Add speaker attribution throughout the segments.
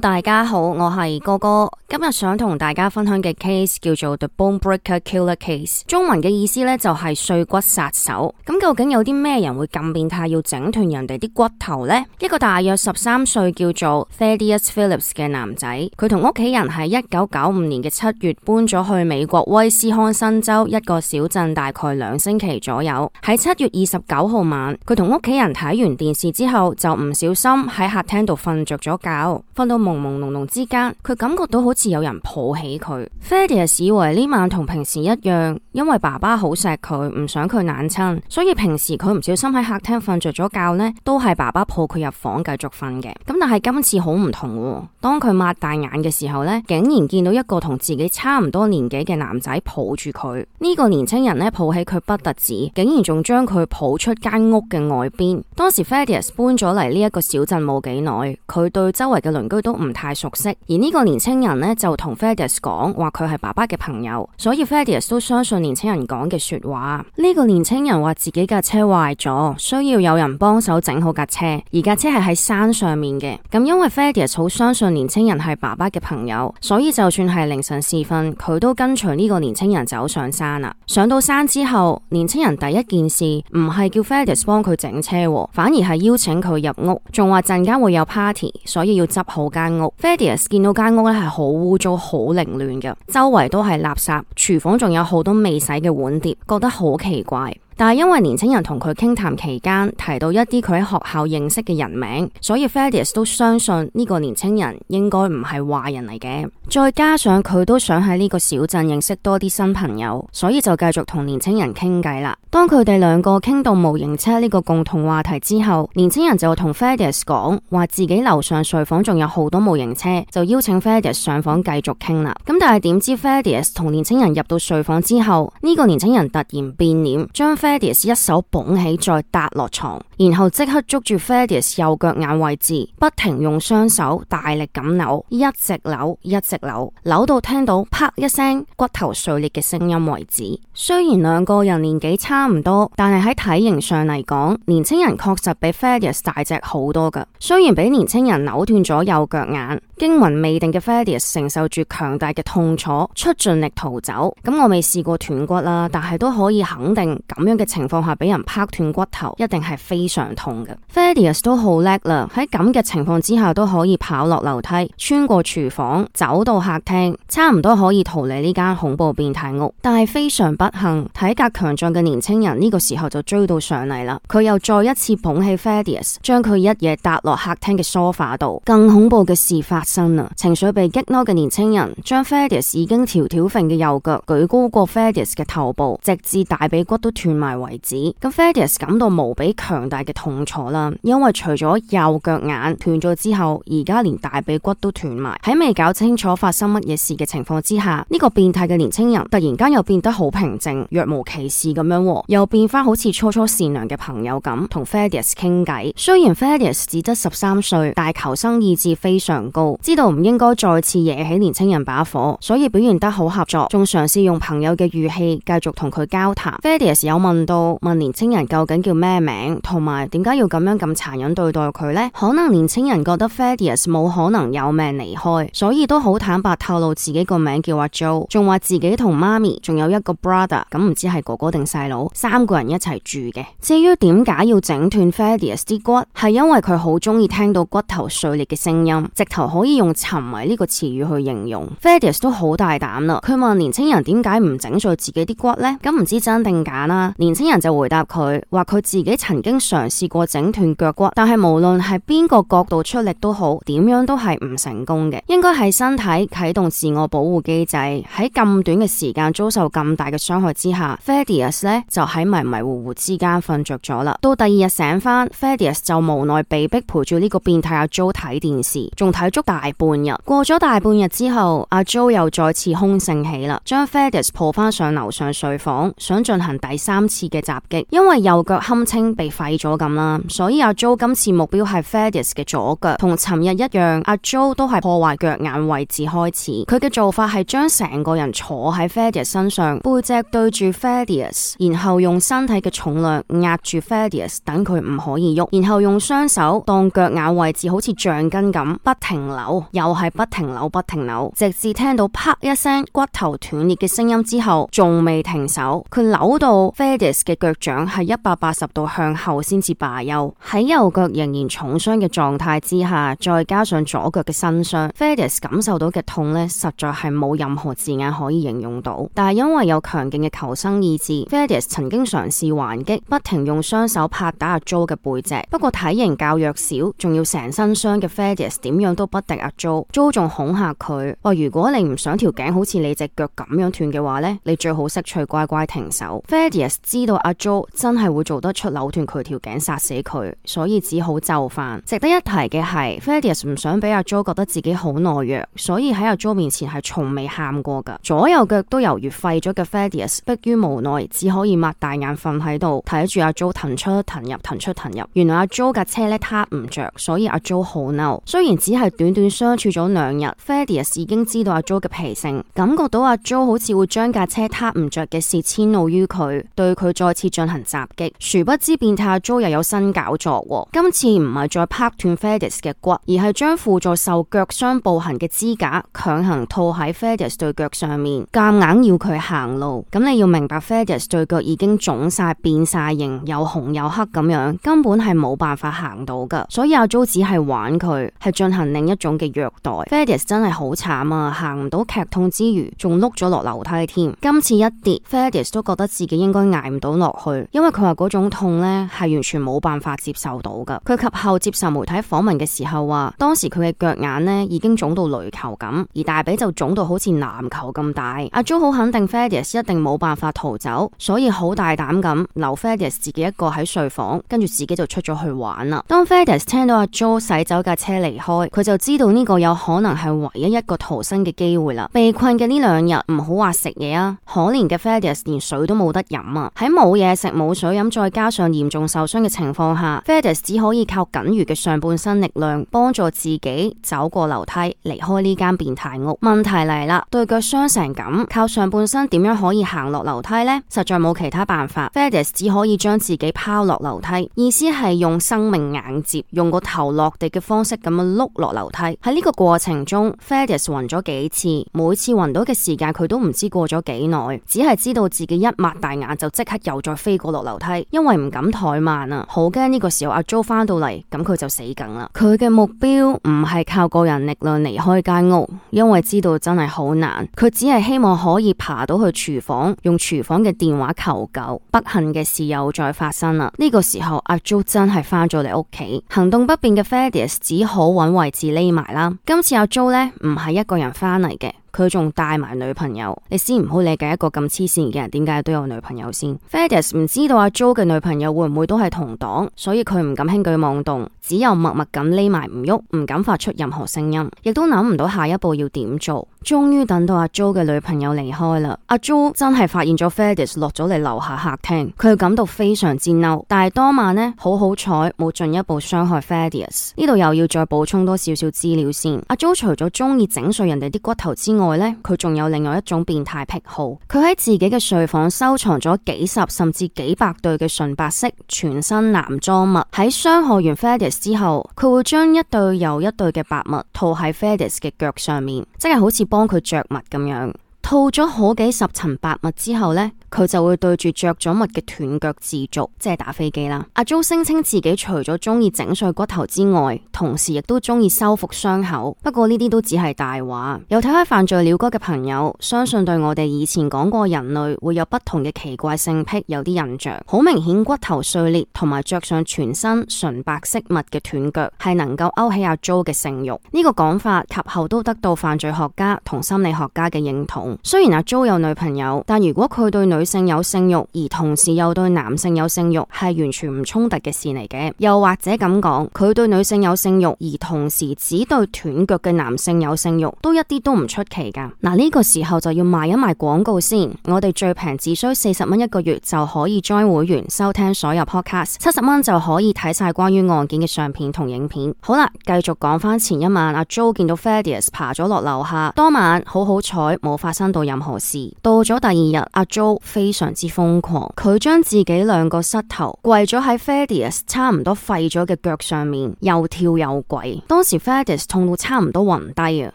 Speaker 1: 大家好，我係哥哥。今日想同大家分享嘅 case 叫做 The Bone Breaker Killer Case，中文嘅意思呢，就係碎骨殺手。咁究竟有啲咩人會咁變態，要整斷人哋啲骨頭呢？一個大約十三歲叫做 Thaddeus Phillips 嘅男仔，佢同屋企人喺一九九五年嘅七月搬咗去美國威斯康辛州一個小鎮，大概兩星期左右。喺七月二十九號晚，佢同屋企人睇完電視之後，就唔小心喺客廳度瞓着咗覺，瞓到。朦朦朧朧之間，佢感覺到好似有人抱起佢。Fadius 以為呢晚同平時一樣，因為爸爸好錫佢，唔想佢冷親，所以平時佢唔小心喺客廳瞓着咗覺呢都係爸爸抱佢入房繼續瞓嘅。咁但係今次好唔同，哦，當佢擘大眼嘅時候呢，竟然見到一個同自己差唔多年紀嘅男仔抱住佢。呢、這個年青人呢，抱起佢不特止，竟然仲將佢抱出間屋嘅外邊。當時 Fadius 搬咗嚟呢一個小鎮冇幾耐，佢對周圍嘅鄰居都。唔太熟悉，而呢個年青人呢，就同 Freddy 斯講話佢係爸爸嘅朋友，所以 Freddy 斯都相信年青人講嘅說話。呢、呢個年青人話自己架車壞咗，需要有人幫手整好架車，而架車係喺山上面嘅。咁因為 Freddy 斯好相信年青人係爸爸嘅朋友，所以就算係凌晨時分，佢都跟隨呢個年青人走上山啦。上到山之後，年青人第一件事唔係叫 Freddy 斯幫佢整車，反而係邀請佢入屋，仲話陣間會有 party，所以要執好架。Fadious 見到間屋咧係好污糟、好凌亂嘅，周圍都係垃圾，廚房仲有好多未洗嘅碗碟，覺得好奇怪。但係因為年輕人同佢傾談期間，提到一啲佢喺學校認識嘅人名，所以 Fadius 都相信呢個年輕人應該唔係壞人嚟嘅。再加上佢都想喺呢個小鎮認識多啲新朋友，所以就繼續同年輕人傾偈啦。當佢哋兩個傾到模型車呢個共同話題之後，年輕人就同 Fadius 講話自己樓上睡房仲有好多模型車，就邀請 Fadius 上房繼續傾啦。咁但係點知 Fadius 同年輕人入到睡房之後，呢、這個年輕人突然變臉，將 Fedius 一手捧起再搭落床，然後即刻捉住 Fedius 右腳眼位置，不停用雙手大力咁扭，一直扭一直扭，扭到聽到啪一聲骨頭碎裂嘅聲音為止。雖然兩個人年紀差唔多，但係喺體型上嚟講，年輕人確實比 Fedius 大隻好多噶。雖然俾年輕人扭斷咗右腳眼，驚魂未定嘅 Fedius 承受住強大嘅痛楚，出盡力逃走。咁我未試過斷骨啦，但係都可以肯定咁樣，嘅情況下，俾人拍斷骨頭，一定係非常痛嘅。Fadius 都好叻啦，喺咁嘅情況之下，都可以跑落樓梯，穿過廚房，走到客廳，差唔多可以逃離呢間恐怖變態屋。但係非常不幸，體格強壯嘅年青人呢個時候就追到上嚟啦。佢又再一次捧起 Fadius，將佢一嘢搭落客廳嘅梳化度。更恐怖嘅事發生啦！情緒被激嬲嘅年青人，將 Fadius 已經條條揈嘅右腳舉高過 Fadius 嘅頭部，直至大髀骨都斷埋為止，咁 Ferdius 感到無比強大嘅痛楚啦，因為除咗右腳眼斷咗之後，而家連大髀骨都斷埋。喺未搞清楚發生乜嘢事嘅情況之下，呢個變態嘅年輕人突然間又變得好平靜，若無其事咁樣，又變翻好似初初善良嘅朋友咁，同 Ferdius 傾偈，雖然 Ferdius 只得十三歲，但求生意志非常高，知道唔應該再次惹起年輕人把火，所以表現得好合作，仲嘗試用朋友嘅語氣繼續同佢交談。Ferdius 有問到問年青人究竟叫咩名，同埋點解要咁樣咁殘忍對待佢呢？可能年青人覺得 Fadious 冇可能有命離開，所以都好坦白透露自己個名叫阿 Joe，仲話自己同媽咪仲有一個 brother，咁唔知係哥哥定細佬，三個人一齊住嘅。至於點解要整斷 Fadious 啲骨，係因為佢好中意聽到骨頭碎裂嘅聲音，直頭可以用“沉迷”呢個詞語去形容。Fadious 都好大膽啦，佢問年青人點解唔整碎自己啲骨呢？咁唔知真定假啦。年青人就回答佢，話佢自己曾經嘗試過整斷腳骨，但係無論係邊個角度出力都好，點樣都係唔成功嘅。應該係身體啟動自我保護機制，喺咁短嘅時間遭受咁大嘅傷害之下，Fedius 呢就喺迷迷糊糊之間瞓着咗啦。到第二日醒翻，Fedius 就無奈被逼陪住呢個變態阿 Jo 睇電視，仲睇足大半日。過咗大半日之後，阿、啊、Jo 又再次凶性起啦，將 Fedius 抱翻上樓上睡房，想進行第三。次嘅襲擊，因為右腳堪稱被廢咗咁啦，所以阿 Joe 今次目標係 Fedius 嘅左腳，同尋日一樣，阿 Joe 都係破壞腳眼位置開始。佢嘅做法係將成個人坐喺 Fedius 身上，背脊對住 Fedius，然後用身體嘅重量壓住 Fedius，等佢唔可以喐，然後用雙手當腳眼位置好，好似橡筋咁不停扭，又係不停扭，不停扭，直至聽到啪一聲骨頭斷裂嘅聲音之後，仲未停手，佢扭到嘅腳掌係一百八十度向後先至罷休，喺右腳仍然重傷嘅狀態之下，再加上左腳嘅身傷 Fedias 感受到嘅痛呢，實在係冇任何字眼可以形容到。但係因為有強勁嘅求生意志 Fedias 曾經嘗試還擊，不停用雙手拍打阿 Jo 嘅背脊。不過體型較弱小，仲要成身傷嘅 Fedias 點樣都不敵阿 Jo，Jo 仲恐吓佢：話如果你唔想條頸好似你隻腳咁樣斷嘅話呢，你最好識趣乖乖停手。Fedias 知道阿 Jo 真係會做得出扭斷佢條頸殺死佢，所以只好就範。值得一提嘅係，f e d i u s 唔想俾阿 Jo 覺得自己好懦弱，所以喺阿 Jo 面前係從未喊過噶。左右腳都猶如廢咗嘅 f e d i u s，迫於無奈只可以擘大眼瞓喺度，睇住阿 Jo 騰出騰入，騰出騰入。原來阿 Jo 架車咧撻唔着，所以阿 Jo 好嬲。雖然只係短短相處咗兩日，f e d i u s 已經知道阿 Jo 嘅脾性，感覺到阿 Jo 好似會將架車撻唔着嘅事遷怒於佢，對。佢再次進行襲擊，殊不知變態阿租又有新搞作喎。今次唔係再拍斷 Ferdus 嘅骨，而係將輔助受腳傷步行嘅支架強行套喺 Ferdus 對腳上面，夾硬要佢行路。咁你要明白，Ferdus 對腳已經腫晒、變晒形，又紅又黑咁樣，根本係冇辦法行到㗎。所以阿租只係玩佢，係進行另一種嘅虐待。Ferdus 真係好慘啊！行唔到劇痛之餘，仲碌咗落樓梯添。今次一跌，Ferdus 都覺得自己應該捱唔到落去，因為佢話嗰種痛呢係完全冇辦法接受到㗎。佢及後接受媒體訪問嘅時候話，當時佢嘅腳眼呢已經腫到雷球咁，而大髀就腫到好似籃球咁大。阿 Jo 好肯定 Fedias 一定冇辦法逃走，所以好大膽咁留 Fedias 自己一個喺睡房，跟住自己就出咗去玩啦。當 Fedias 聽到阿、啊、Jo 駛走架車離開，佢就知道呢個有可能係唯一一個逃生嘅機會啦。被困嘅呢兩日唔好話食嘢啊，可憐嘅 Fedias 連水都冇得飲啊！喺冇嘢食、冇水飲，再加上嚴重受傷嘅情況下 Fedes 只可以靠僅餘嘅上半身力量幫助自己走過樓梯，離開呢間變態屋。問題嚟啦，對腳傷成咁，靠上半身點樣可以行落樓梯呢？實在冇其他辦法 Fedes 只可以將自己拋落樓梯，意思係用生命硬接，用個頭落地嘅方式咁樣碌落樓梯。喺呢個過程中 Fedes 暈咗幾次，每次暈到嘅時間佢都唔知過咗幾耐，只係知道自己一擘大眼就。即刻又再飛過落樓梯，因為唔敢怠慢啊，好驚呢個時候阿 Jo 翻到嚟，咁佢就死梗啦。佢嘅目標唔係靠個人力量離開間屋，因為知道真係好難，佢只係希望可以爬到去廚房，用廚房嘅電話求救。不幸嘅事又再發生啦，呢個時候阿 Jo 真係翻咗嚟屋企，行動不便嘅 Ferdias 只好揾位置匿埋啦。今次阿 Jo 呢，唔係一個人翻嚟嘅。佢仲帶埋女朋友，你先唔好理解一個咁黐線嘅人點解都有女朋友先。Ferdias 唔知道阿 Jo 嘅女朋友會唔會都係同黨，所以佢唔敢輕舉妄動，只有默默咁匿埋唔喐，唔敢發出任何聲音，亦都諗唔到下一步要點做。終於等到阿 Jo 嘅女朋友離開啦，阿 Jo、啊、真係發現咗 Ferdias 落咗嚟樓下客廳，佢感到非常之嬲，但係當晚呢好好彩，冇進一步傷害 Ferdias。呢度又要再補充多少少資料先。阿、啊、Jo 除咗中意整碎人哋啲骨頭之外，外咧，佢仲有另外一種變態癖好，佢喺自己嘅睡房收藏咗幾十甚至幾百對嘅純白色全身男裝襪。喺傷害完 Freddy 之後，佢會將一對又一對嘅白襪套喺 Freddy 嘅腳上面，即係好似幫佢着襪咁樣。套咗好幾十層白襪之後呢，佢就會對住着咗襪嘅斷腳自瀆，即係打飛機啦。阿鄒聲稱自己除咗鍾意整碎骨頭之外，同時亦都鍾意修復傷口。不過呢啲都只係大話。有睇開犯罪鳥歌嘅朋友，相信對我哋以前講過人類會有不同嘅奇怪性癖有啲印象。好明顯，骨頭碎裂同埋着上全身純白色襪嘅斷腳係能夠勾起阿鄒嘅性欲。呢、這個講法及後都得到犯罪學家同心理學家嘅認同。雖然阿、啊、Jo 有女朋友，但如果佢對女性有性欲，而同時又對男性有性欲，係完全唔衝突嘅事嚟嘅。又或者咁講，佢對女性有性欲，而同時只對斷腳嘅男性有性欲，都一啲都唔出奇噶。嗱，呢個時候就要賣一賣廣告先。我哋最平只需四十蚊一個月就可以 join 會員收聽所有 podcast，七十蚊就可以睇晒關於案件嘅相片同影片。好啦，繼續講翻前一晚阿 Jo、啊、見到 Ferdias 爬咗落樓下，當晚好好彩冇發生。生到任何事，到咗第二日，阿 Joe 非常之瘋狂，佢將自己兩個膝頭跪咗喺 Fadius 差唔多廢咗嘅腳上面，又跳又跪。當時 Fadius 痛到差唔多暈低啊，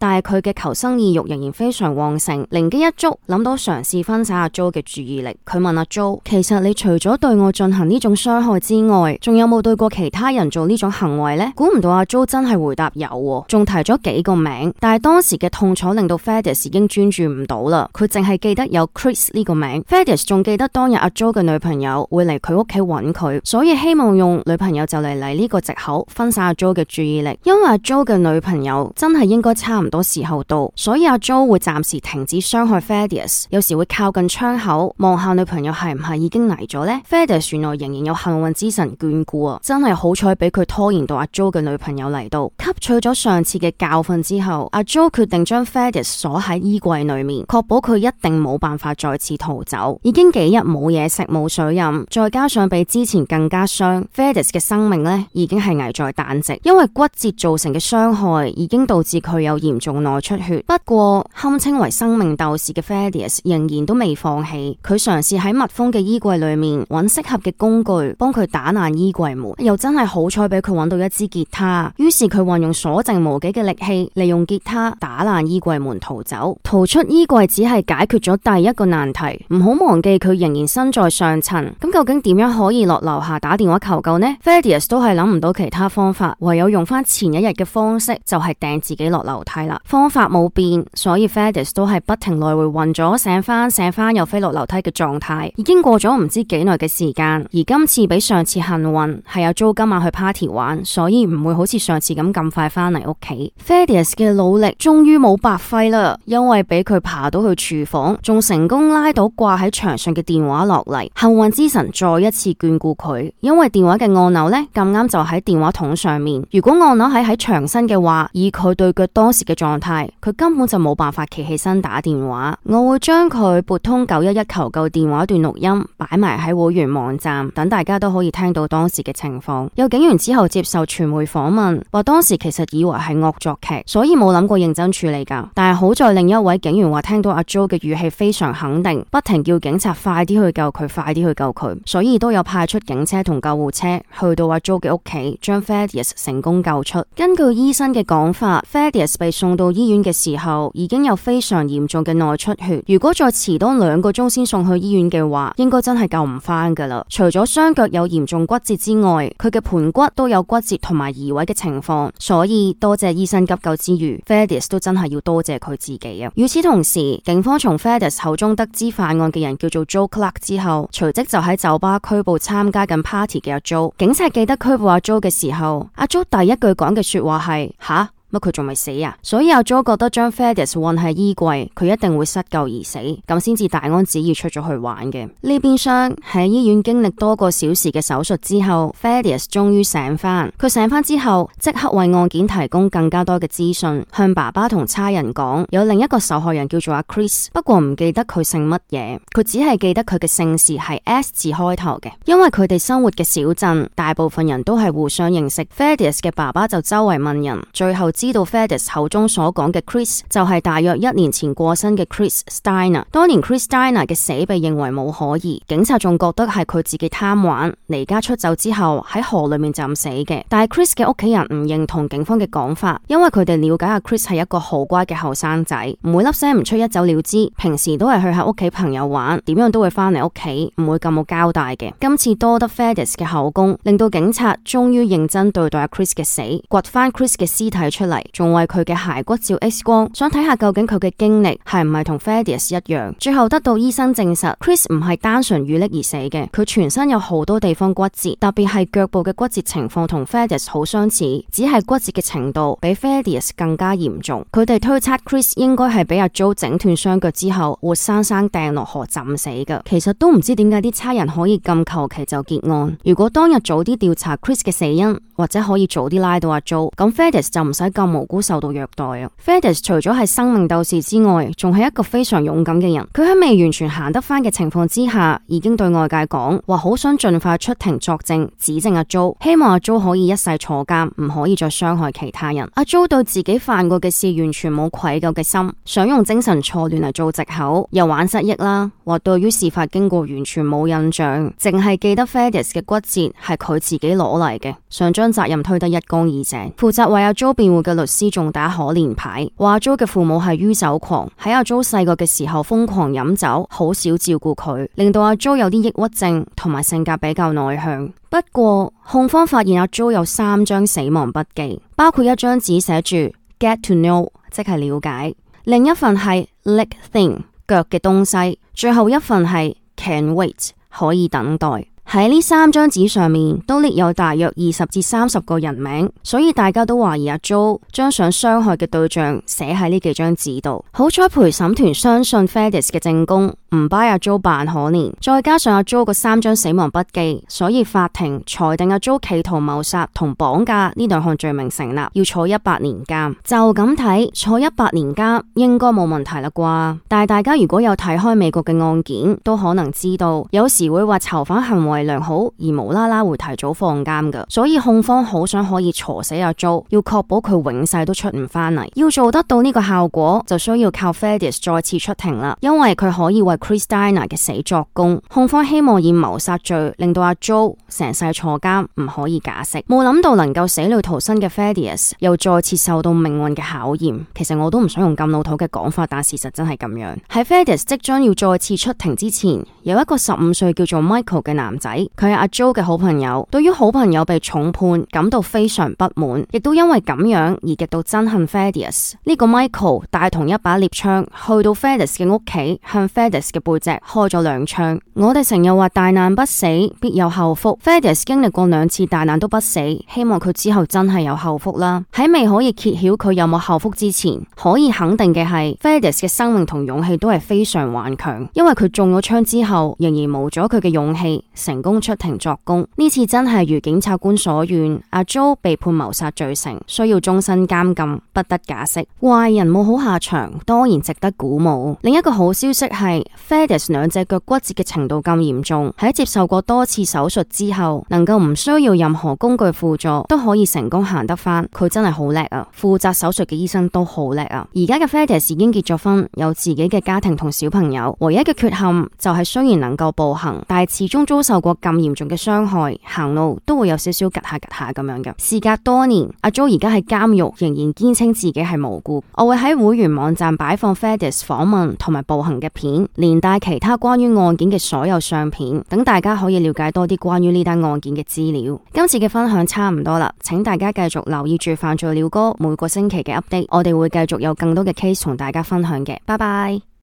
Speaker 1: 但係佢嘅求生意欲仍然非常旺盛，靈機一觸諗到嘗試分散阿 Joe 嘅注意力。佢問阿 Joe：其實你除咗對我進行呢種傷害之外，仲有冇對過其他人做呢種行為呢？估唔到阿 Joe 真係回答有，仲提咗幾個名。但係當時嘅痛楚令到 Fadius 已經專注唔到啦，佢淨係記得有 Chris 呢個名 f e d i a s 仲記得當日阿、啊、Jo 嘅女朋友會嚟佢屋企揾佢，所以希望用女朋友就嚟嚟呢個借口分散阿、啊、Jo 嘅注意力，因為阿、啊、Jo 嘅女朋友真係應該差唔多時候到，所以阿、啊、Jo 會暫時停止傷害 f e d i a s 有時會靠近窗口望下女朋友係唔係已經嚟咗呢 f e d i a s 原來仍然有幸運之神眷顧啊，真係好彩俾佢拖延到阿、啊、Jo 嘅女朋友嚟到，吸取咗上次嘅教訓之後，阿、啊、Jo 決定將 f e d i a s 鎖喺衣櫃裏面。確保佢一定冇辦法再次逃走，已經幾日冇嘢食冇水飲，再加上比之前更加傷，Ferdus 嘅生命呢已經係危在旦夕，因為骨折造成嘅傷害已經導致佢有嚴重內出血。不過堪稱為生命鬥士嘅 Ferdus 仍然都未放棄，佢嘗試喺密封嘅衣櫃裏面揾適合嘅工具幫佢打爛衣櫃門，又真係好彩俾佢揾到一支吉他，於是佢運用所剩無幾嘅力氣，利用吉他打爛衣櫃門逃走，逃出衣。為只係解決咗第一個難題，唔好忘記佢仍然身在上層。咁究竟點樣可以落樓下打電話求救呢？Fedius 都係諗唔到其他方法，唯有用翻前一日嘅方式，就係掟自己落樓梯啦。方法冇變，所以 Fedius 都係不停來回暈咗醒翻醒翻又飛落樓梯嘅狀態。已經過咗唔知幾耐嘅時間，而今次比上次幸運，係有租今晚去 party 玩，所以唔會好似上次咁咁快翻嚟屋企。Fedius 嘅努力終於冇白費啦，因為俾佢爬。爬到去廚房，仲成功拉到掛喺牆上嘅電話落嚟。幸運之神再一次眷顧佢，因為電話嘅按鈕咧咁啱就喺電話筒上面。如果按鈕係喺牆身嘅話，以佢對腳當時嘅狀態，佢根本就冇辦法企起身打電話。我會將佢撥通九一一求救電話一段錄音擺埋喺會員網站，等大家都可以聽到當時嘅情況。有警員之後接受傳媒訪問，話當時其實以為係惡作劇，所以冇諗過認真處理噶。但係好在另一位警員話聽到阿 Jo 嘅語氣非常肯定，不停叫警察快啲去救佢，快啲去救佢，所以都有派出警車同救護車去到阿 Jo 嘅屋企，將 Fadius 成功救出。根據醫生嘅講法，Fadius 被送到醫院嘅時候已經有非常嚴重嘅內出血，如果再遲多兩個鐘先送去醫院嘅話，應該真係救唔翻噶啦。除咗雙腳有嚴重骨折之外，佢嘅盆骨都有骨折同埋移位嘅情況，所以多謝醫生急救之餘，Fadius 都真係要多謝佢自己啊。與此同時，警方從 Ferdes 口中得知犯案嘅人叫做 Joe Clark 之後，隨即就喺酒吧拘捕參加緊 party 嘅阿 Joe。警察記得拘捕阿 Joe 嘅時候，阿 Joe 第一句講嘅說話係：吓？乜佢仲未死啊？所以阿 JO 覺得將 Fadious 韞喺衣櫃，佢一定會失救而死，咁先至大安旨意出咗去玩嘅。呢邊廂喺醫院經歷多個小時嘅手術之後，Fadious 終於醒翻。佢醒翻之後即刻為案件提供更加多嘅資訊，向爸爸同差人講有另一個受害人叫做阿 Chris，不過唔記得佢姓乜嘢，佢只係記得佢嘅姓氏係 S 字開頭嘅。因為佢哋生活嘅小鎮大部分人都係互相認識，Fadious 嘅爸爸就周圍問人，最後。知道 FedEx 口中所講嘅 Chris 就係大約一年前過身嘅 Chris Steiner。當年 Chris Steiner 嘅死被認為冇可疑，警察仲覺得係佢自己貪玩離家出走之後喺河裏面浸死嘅。但係 Chris 嘅屋企人唔認同警方嘅講法，因為佢哋了解阿 Chris 係一個好乖嘅後生仔，唔會粒聲唔出一走了之，平時都係去下屋企朋友玩，點樣都會翻嚟屋企，唔會咁冇交代嘅。今次多得 FedEx 嘅口供，令到警察終於認真對待阿 Chris 嘅死，掘翻 Chris 嘅屍體出仲為佢嘅骸骨照 X 光，想睇下究竟佢嘅經歷係唔係同 Ferdias 一樣。最後得到醫生證實，Chris 唔係單純遇溺而死嘅，佢全身有好多地方骨折，特別係腳部嘅骨折情況同 Ferdias 好相似，只係骨折嘅程度比 Ferdias 更加嚴重。佢哋推測 Chris 應該係俾阿 Joe 整斷雙腳之後，活生生掟落河浸死嘅。其實都唔知點解啲差人可以咁求其就結案。如果當日早啲調查 Chris 嘅死因，或者可以早啲拉到阿 Joe，咁 Ferdias 就唔使無辜受到虐待啊 f e d u s 除咗係生命鬥士之外，仲係一個非常勇敢嘅人。佢喺未完全行得翻嘅情況之下，已經對外界講話，好想盡快出庭作證，指證阿 j 鄒，希望阿 j 鄒可以一世坐監，唔可以再傷害其他人。阿 j 鄒對自己犯過嘅事完全冇愧疚嘅心，想用精神錯亂嚟做藉口，又玩失憶啦，話對於事發經過完全冇印象，淨係記得 f e d u s 嘅骨折係佢自己攞嚟嘅，想將責任推得一乾二淨。負責為阿 j o 辯護。嘅律師仲打可憐牌，話阿 Jo 嘅父母係酗酒狂，喺阿 Jo 細個嘅時候瘋狂飲酒，好少照顧佢，令到阿 Jo 有啲抑鬱症同埋性格比較內向。不過控方發現阿 Jo 有三張死亡筆記，包括一張紙寫住 get to know，即係了解；另一份係 lick thing，腳嘅東西；最後一份係 can wait，可以等待。喺呢三張紙上面都列有大約二十至三十個人名，所以大家都懷疑阿 Joe 將想傷害嘅對象寫喺呢幾張紙度。好彩陪審團相信 Fedis 嘅證供，唔 buy 阿 Joe 扮可憐，再加上阿 Joe 個三張死亡筆記，所以法庭裁定阿 Joe 企圖謀殺同綁架呢兩項罪名成立，要坐一百年監。就咁睇，坐一百年監應該冇問題啦啩？但係大家如果有睇開美國嘅案件，都可能知道有時會話囚犯行為。良好而無啦啦會提早放監噶，所以控方好想可以鋤死阿、啊、Jo，要確保佢永世都出唔翻嚟。要做得到呢個效果，就需要靠 Fedius 再次出庭啦，因為佢可以為 Chris Dina 嘅死作供。控方希望以謀殺罪令到阿 Jo 成世坐監，唔可以假釋。冇諗到能夠死裏逃生嘅 Fedius 又再次受到命運嘅考驗。其實我都唔想用咁老土嘅講法，但事實真係咁樣。喺 Fedius 即將要再次出庭之前，有一個十五歲叫做 Michael 嘅男仔佢係阿 Jo 嘅好朋友，對於好朋友被重判感到非常不滿，亦都因為咁樣而極度憎恨 Fedius 呢個 Michael 帶同一把獵槍去到 Fedius 嘅屋企，向 Fedius 嘅背脊開咗兩槍。我哋成日話大難不死必有後福 Fedius 經歷過兩次大難都不死，希望佢之後真係有後福啦。喺未可以揭曉佢有冇後福之前，可以肯定嘅係 Fedius 嘅生命同勇氣都係非常頑強，因為佢中咗槍之後仍然冇咗佢嘅勇氣。成功出庭作供，呢次真係如警察官所願，阿 Jo 被判謀殺罪成，需要終身監禁，不得假釋。壞人冇好下場，當然值得鼓舞。另一個好消息係 Ferdus 兩隻腳骨折嘅程度咁嚴重，喺接受過多次手術之後，能夠唔需要任何工具輔助都可以成功行得翻，佢真係好叻啊！負責手術嘅醫生都好叻啊！而家嘅 Ferdus 已經結咗婚，有自己嘅家庭同小朋友，唯一嘅缺陷就係雖然能夠步行，但係始終遭受過咁嚴重嘅傷害，行路都會有少少吉下吉下咁樣嘅。事隔多年，阿 Jo 而家喺監獄，仍然堅稱自己係無辜。我會喺會員網站擺放 Ferdis 訪問同埋步行嘅片，連帶其他關於案件嘅所有相片，等大家可以了解多啲關於呢單案件嘅資料。今次嘅分享差唔多啦，請大家繼續留意住犯罪鳥歌每個星期嘅 update，我哋會繼續有更多嘅 case 同大家分享嘅。拜拜。